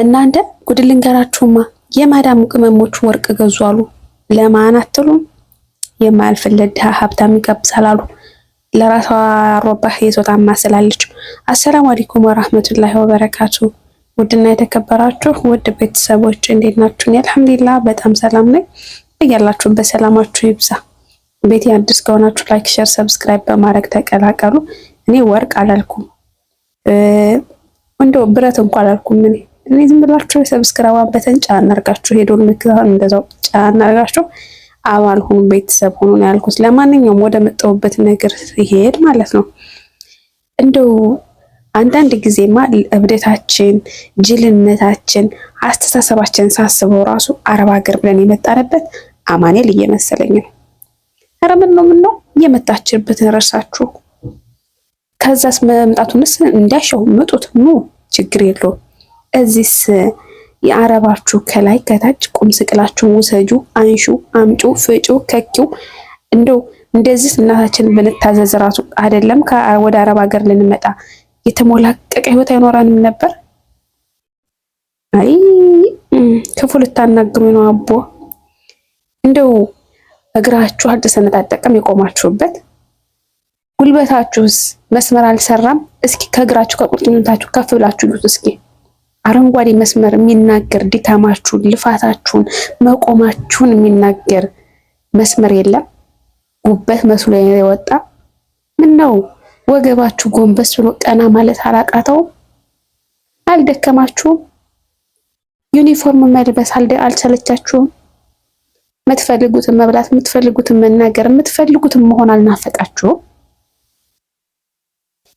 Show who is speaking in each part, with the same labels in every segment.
Speaker 1: እናንተ ጉድ ልንገራችሁማ የማዳም ቅመሞች ወርቅ ገዙ አሉ። ለማን አትሉም? የማያልፍለት ድሃ ሀብታም ይጋብዛል አሉ። ለራሷ አሮባህ ይዞታማ ስላለች። አሰላሙ አለይኩም ወራህመቱላሂ ወበረካቱ። ውድና የተከበራችሁ ውድ ቤተሰቦች እንዴት ናችሁ? አልሐምዱሊላህ በጣም ሰላም ነኝ። በያላችሁበት በሰላማችሁ ይብዛ። ቤት አዲስ ከሆናችሁ ላይክ፣ ሼር፣ ሰብስክራይብ በማድረግ ተቀላቀሉ። እኔ ወርቅ አላልኩም፣ እንደው ብረት እንኳን አላልኩም እኔ እኔ ዝም ብላችሁ ሰብስክራይብ በተን ጫን አድርጋችሁ ሄዶን ምክራን እንደዛው ጫን አርጋችሁ አባል ሁኑ፣ ቤተሰብ ሁኑ ነው ያልኩት። ለማንኛውም ወደ መጣሁበት ነገር ይሄድ ማለት ነው። እንደው አንዳንድ ጊዜማ እብደታችን፣ ጅልነታችን፣ አስተሳሰባችን ሳስበው ራሱ አረብ ሀገር ብለን የመጣንበት አማኔል እየመሰለኝ ነው። ኧረ ምን ነው ምን ነው የመጣችሁበትን ረሳችሁ። ከዛስ መምጣቱንስ እንዳይሸው ምጡት ኑ፣ ችግር የለውም። እዚስ የአረባችሁ ከላይ ከታች ቁም ስቅላችሁን ውሰጁ፣ አንሹ፣ አምጩ፣ ፍጩ፣ ከኪው እንደው እንደዚህ እናታችን ብንታዘዝ ራሱ አይደለም ወደ አረብ ሀገር ልንመጣ የተሞላቀቀ ህይወት አይኖረንም ነበር። አይ ክፉ ልታናግሩ ነው አቦ። እንደው እግራችሁ አልተሰነጣጠቀም? የቆማችሁበት ጉልበታችሁስ መስመር አልሰራም? እስኪ ከእግራችሁ ከቁርጭምታችሁ ከፍ ብላችሁ እስኪ አረንጓዴ መስመር የሚናገር ድካማችሁን፣ ልፋታችሁን፣ መቆማችሁን የሚናገር መስመር የለም። ጉበት መስሎ የወጣ ምን ነው? ወገባችሁ ጎንበስ ብሎ ቀና ማለት አላቃተውም? አልደከማችሁም? ዩኒፎርም መልበስ አልሰለቻችሁም? የምትፈልጉትን መብላት፣ የምትፈልጉትን መናገር፣ የምትፈልጉትን መሆን አልናፈቃችሁም?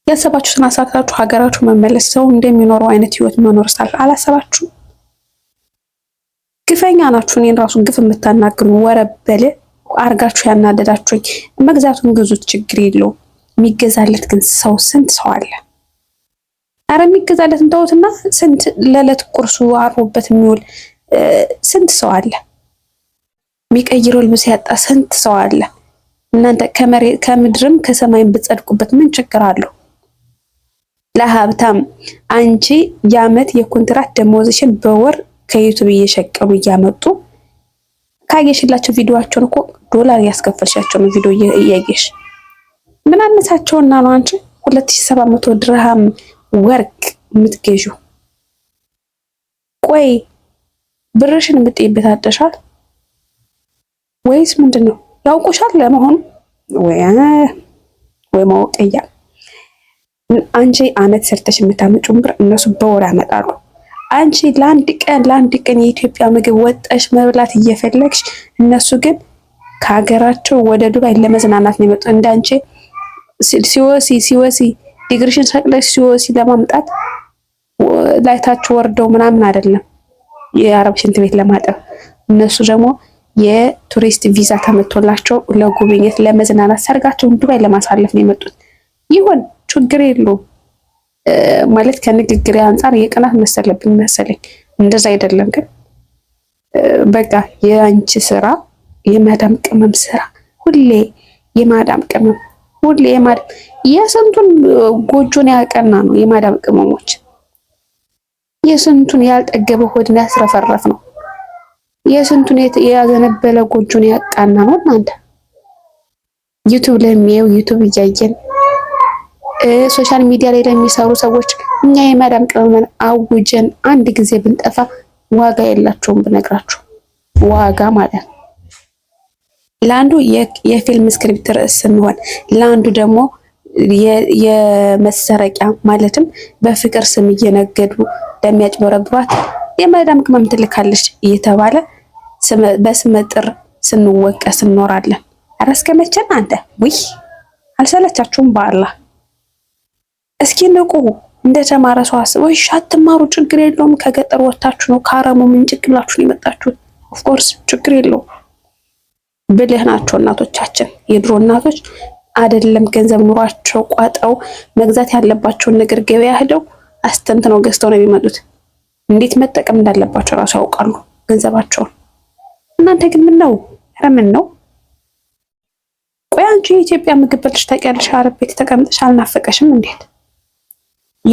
Speaker 1: ያሰባችሁትን አሳክታችሁ ሀገራችሁ መመለስ ሰው እንደሚኖረው አይነት ህይወት መኖር ሳል አላሰባችሁም? ግፈኛ ናችሁ። እኔን ራሱ ግፍ የምታናግሩ ወረበል አርጋችሁ ያናደዳችሁኝ። መግዛቱን ግዙት፣ ችግር የለው የሚገዛለት ግን ሰው ስንት ሰው አለ? አረ የሚገዛለት እንተውትና ስንት ለዕለት ቁርሱ አርቦበት የሚውል ስንት ሰው አለ? የሚቀይረው ልብስ ያጣ ስንት ሰው አለ? እናንተ ከምድርም ከሰማይም ብትጸድቁበት ምን ችግር አለው? ለሀብታም አንቺ የአመት የኮንትራት ደሞዝሽን በወር ከዩቱብ እየሸቀሙ እያመጡ ካየሽላቸው ቪዲዮቸውን እኮ ዶላር እያስከፈልሻቸው ነው። ቪዲዮ እያየሽ ምን አነሳቸውና ነው አንቺ ሁለት ሺ ሰባት መቶ ድርሃም ወርቅ የምትገዢው? ቆይ ብርሽን የምትይበት አደሻል ወይስ ምንድን ነው? ያውቁሻል ለመሆኑ ወይ ወይ ማወቅ እያል አንቺ አመት ሰርተሽ የምታመጪውን ብር እነሱ በወር ያመጣሉ። አንቺ ለአንድ ቀን ለአንድ ቀን የኢትዮጵያ ምግብ ወጠሽ መብላት እየፈለግሽ፣ እነሱ ግን ከሀገራቸው ወደ ዱባይ ለመዝናናት ነው የመጡት። እንዳንቺ ሲወሲ ሲወሲ ዲግሪሽን ሰቅለሽ ሲወሲ ለማምጣት ላይታች ወርደው ምናምን አይደለም የአረብ ሽንት ቤት ለማጠብ። እነሱ ደግሞ የቱሪስት ቪዛ ተመቶላቸው ለጉብኝት ለመዝናናት፣ ሰርጋቸውን ዱባይ ለማሳለፍ ነው የመጡት። ይሁን ችግር የለውም ማለት ከንግግሬ አንጻር የቅናት መሰለብኝ መሰለኝ። እንደዛ አይደለም ግን በቃ የአንቺ ስራ የማዳም ቅመም ስራ ሁሌ የማዳም ቅመም ሁሌ የማዳም የስንቱን ጎጆን ያቀና ነው የማዳም ቅመሞች የስንቱን ያልጠገበ ሆድን ያስረፈረፍ ነው የስንቱን የያዘነበለ ጎጆን ያቃና ነው እናንተ ዩቱብ ለሚየው ዩቱብ እያየን ሶሻል ሚዲያ ላይ ለሚሰሩ ሰዎች እኛ የመዳም ቅመመን አውጀን አንድ ጊዜ ብንጠፋ ዋጋ የላቸውም። ብነግራችሁ ዋጋ ማለት ነው። ለአንዱ የፊልም ስክሪፕት ርዕስ ስንሆን፣ ለአንዱ ደግሞ የመሰረቂያ ማለትም በፍቅር ስም እየነገዱ ለሚያጭበረብሯት የመዳም ቅመም ትልካለች እየተባለ በስመጥር ስንወቀስ እንኖራለን። ኧረ እስከ መቼ አንተ ውይ፣ አልሰለቻችሁም በአላህ እስኪ ንቁ እንደተማረ ሰው አስበው። እሺ አትማሩ፣ ችግር የለውም ከገጠር ወታችሁ ነው ከአረሙ ምን ጭግላችሁ ነው የመጣችሁት? ኦፍኮርስ ችግር የለውም ብልህ ናቸው እናቶቻችን። የድሮ እናቶች አይደለም ገንዘብ ኑሯቸው ቋጠው መግዛት ያለባቸውን ነገር ገበያ ሄደው አስተንትነው ገዝተው ነው የሚመጡት። እንዴት መጠቀም እንዳለባቸው ራሱ ያውቃሉ ገንዘባቸውን። እናንተ ግን ምን ነው ረምን ነው? ቆይ አንቺ የኢትዮጵያ ምግብ በልሽ ታውቂያለሽ? አረብ ቤት ተቀምጠሽ አልናፈቀሽም እንዴት?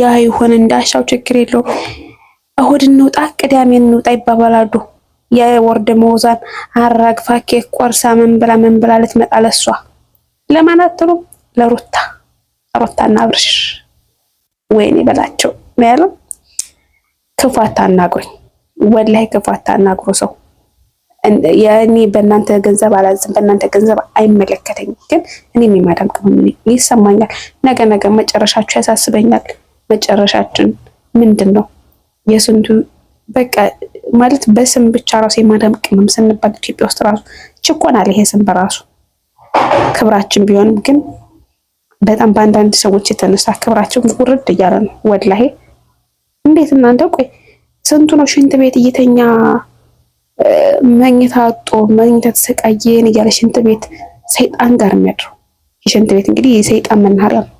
Speaker 1: ያ ይሆን እንዳሻው ችግር የለውም እሁድ እንውጣ፣ ቅዳሜ እንውጣ ይባባላሉ። ወርድ መውዛን አራግፋ ኬክ ቆርሳ ምን ብላ ምን ብላ ልትመጣ ለሷ ለማን አትሉ ለሩታ ሩታና አብርሽ ወይኔ በላቸው ያለው ክፉ አታናግሩኝ፣ ወላሂ ክፉ አታናግሩ ሰው የእኔ በእናንተ ገንዘብ አላዝም፣ በእናንተ ገንዘብ አይመለከተኝም። ግን እኔ የማዳም ቅመም ይሰማኛል። ነገ ነገ መጨረሻችሁ ያሳስበኛል። መጨረሻችን ምንድን ነው? የስንቱ በቃ ማለት በስም ብቻ ራሱ የማዳም ቅመም ስንባል ኢትዮጵያ ውስጥ ራሱ ችኮናል። ይሄ ስም በራሱ ክብራችን ቢሆንም ግን በጣም በአንዳንድ ሰዎች የተነሳ ክብራችን ውርድ እያለ ነው። ወላሄ እንዴት እናንተ ቆይ ስንቱ ነው ሽንት ቤት እየተኛ መኝታ አጦ መኝታ ተሰቃየን እያለ ሽንት ቤት ሰይጣን ጋር የሚያድረው የሽንት ቤት እንግዲህ የሰይጣን መናኸሪያ ነው።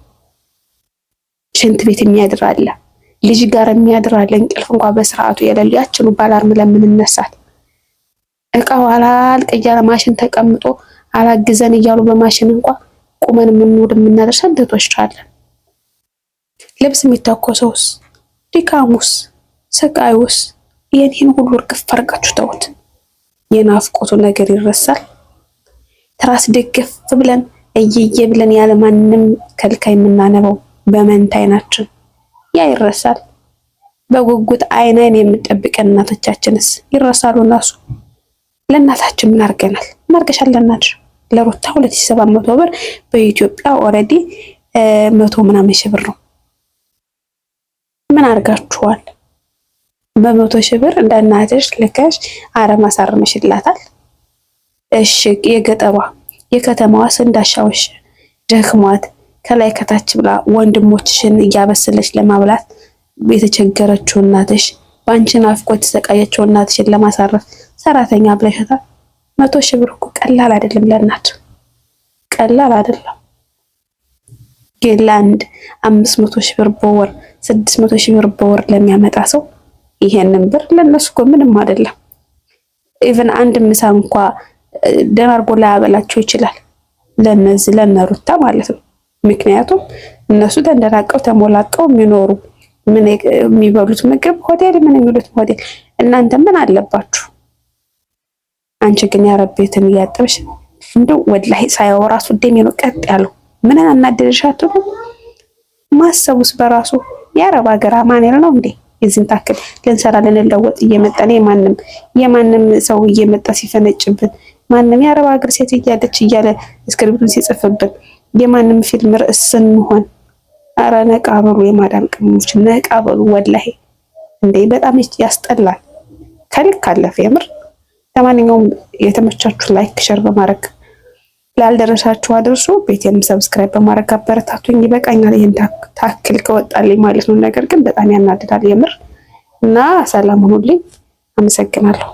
Speaker 1: ሽንት ቤት የሚያድር ልጅ ጋር የሚያድር እንቅልፍ እንኳ በስርዓቱ የለል ያችኑ ባላርም ለምንነሳት እቃው አላልቅ እያለ ማሽን ተቀምጦ አላግዘን እያሉ በማሽን እንኳ ቁመን የምንውድ የምናደርስ እንደቶች ልብስ የሚተኮሰውስ ድካሙስ ስቃዩስ ይህን ሁሉ እርግፍ አድርጋችሁ ተውት። የናፍቆቱ ነገር ይረሳል። ትራስ ደገፍ ብለን እየየ ብለን ያለ ማንም ከልካይ የምናነበው በመንታ አይናቸው ያ ይረሳል። በጉጉት አይን አይን የምንጠብቀን እናቶቻችንስ ይረሳሉ። እነሱ ለእናታችን ምን አርገናል? ምን አድርገሻል? ለእናትሽ ለሩታ ሁለት ሺህ ሰባት መቶ ብር በኢትዮጵያ ኦልሬዲ መቶ ምናምን ሺህ ብር ነው። ምን አድርጋችኋል? በመቶ ሺህ ብር ለእናትሽ ልከሽ አረም አሳርመሽላታል። እሺ የገጠሯ የከተማዋ ስንዳሻውሽ ደክሟት ከላይ ከታች ብላ ወንድሞችሽን እያበሰለች ለማብላት የተቸገረችው እናትሽ በአንቺ ናፍቆት የተሰቃየችው እናትሽን ለማሳረፍ ሰራተኛ ብለሽታ መቶ ሺህ ብር እኮ ቀላል አይደለም። ለእናት ቀላል አይደለም። ግን ለአንድ አምስት መቶ ሺህ ብር በወር ስድስት መቶ ሺህ ብር በወር ለሚያመጣ ሰው ይሄንን ብር ለእነሱ እኮ ምንም አይደለም። ኢቨን አንድ ምሳ እንኳ ደህና አድርጎ ላያበላቸው ይችላል። ለነዚህ ለነሩታ ማለት ነው። ምክንያቱም እነሱ ተንደላቀው ተሞላቀው የሚኖሩ የሚበሉት ምግብ ሆቴል፣ ምን የሚሉት ሆቴል። እናንተ ምን አለባችሁ? አንቺ ግን ያረቤትን እያጠብሽ እንደው ወላሂ ሳያው ራሱ ደሜ ነው ቀጥ ያለው። ምን አናደደሻት ማሰቡስ በራሱ የአረብ ሀገር አማኔር ነው እንዴ? የዚህን ታክል ልንሰራ ልንለወጥ እየመጣን የማንም የማንም ሰው እየመጣ ሲፈነጭብን ማንም የአረብ ሀገር ሴት እያለች እያለ እስክሪብቱን ሲጽፍብን የማንም ፊልም ርዕስ ስንሆን አረ ነቃ በሉ የማዳም ቅመሞች ነቃ በሉ ወላሂ እንዴ በጣም ያስጠላል ከልክ አለፈ የምር ለማንኛውም የተመቻችሁ ላይክ ሸር በማድረግ ላልደረሳችሁ አድርሶ ቤቴንም ሰብስክራይብ በማድረግ አበረታቱኝ ይበቃኛል ይህን ታክል ከወጣልኝ ማለት ነው ነገር ግን በጣም ያናድዳል የምር እና ሰላም ሁኑልኝ አመሰግናለሁ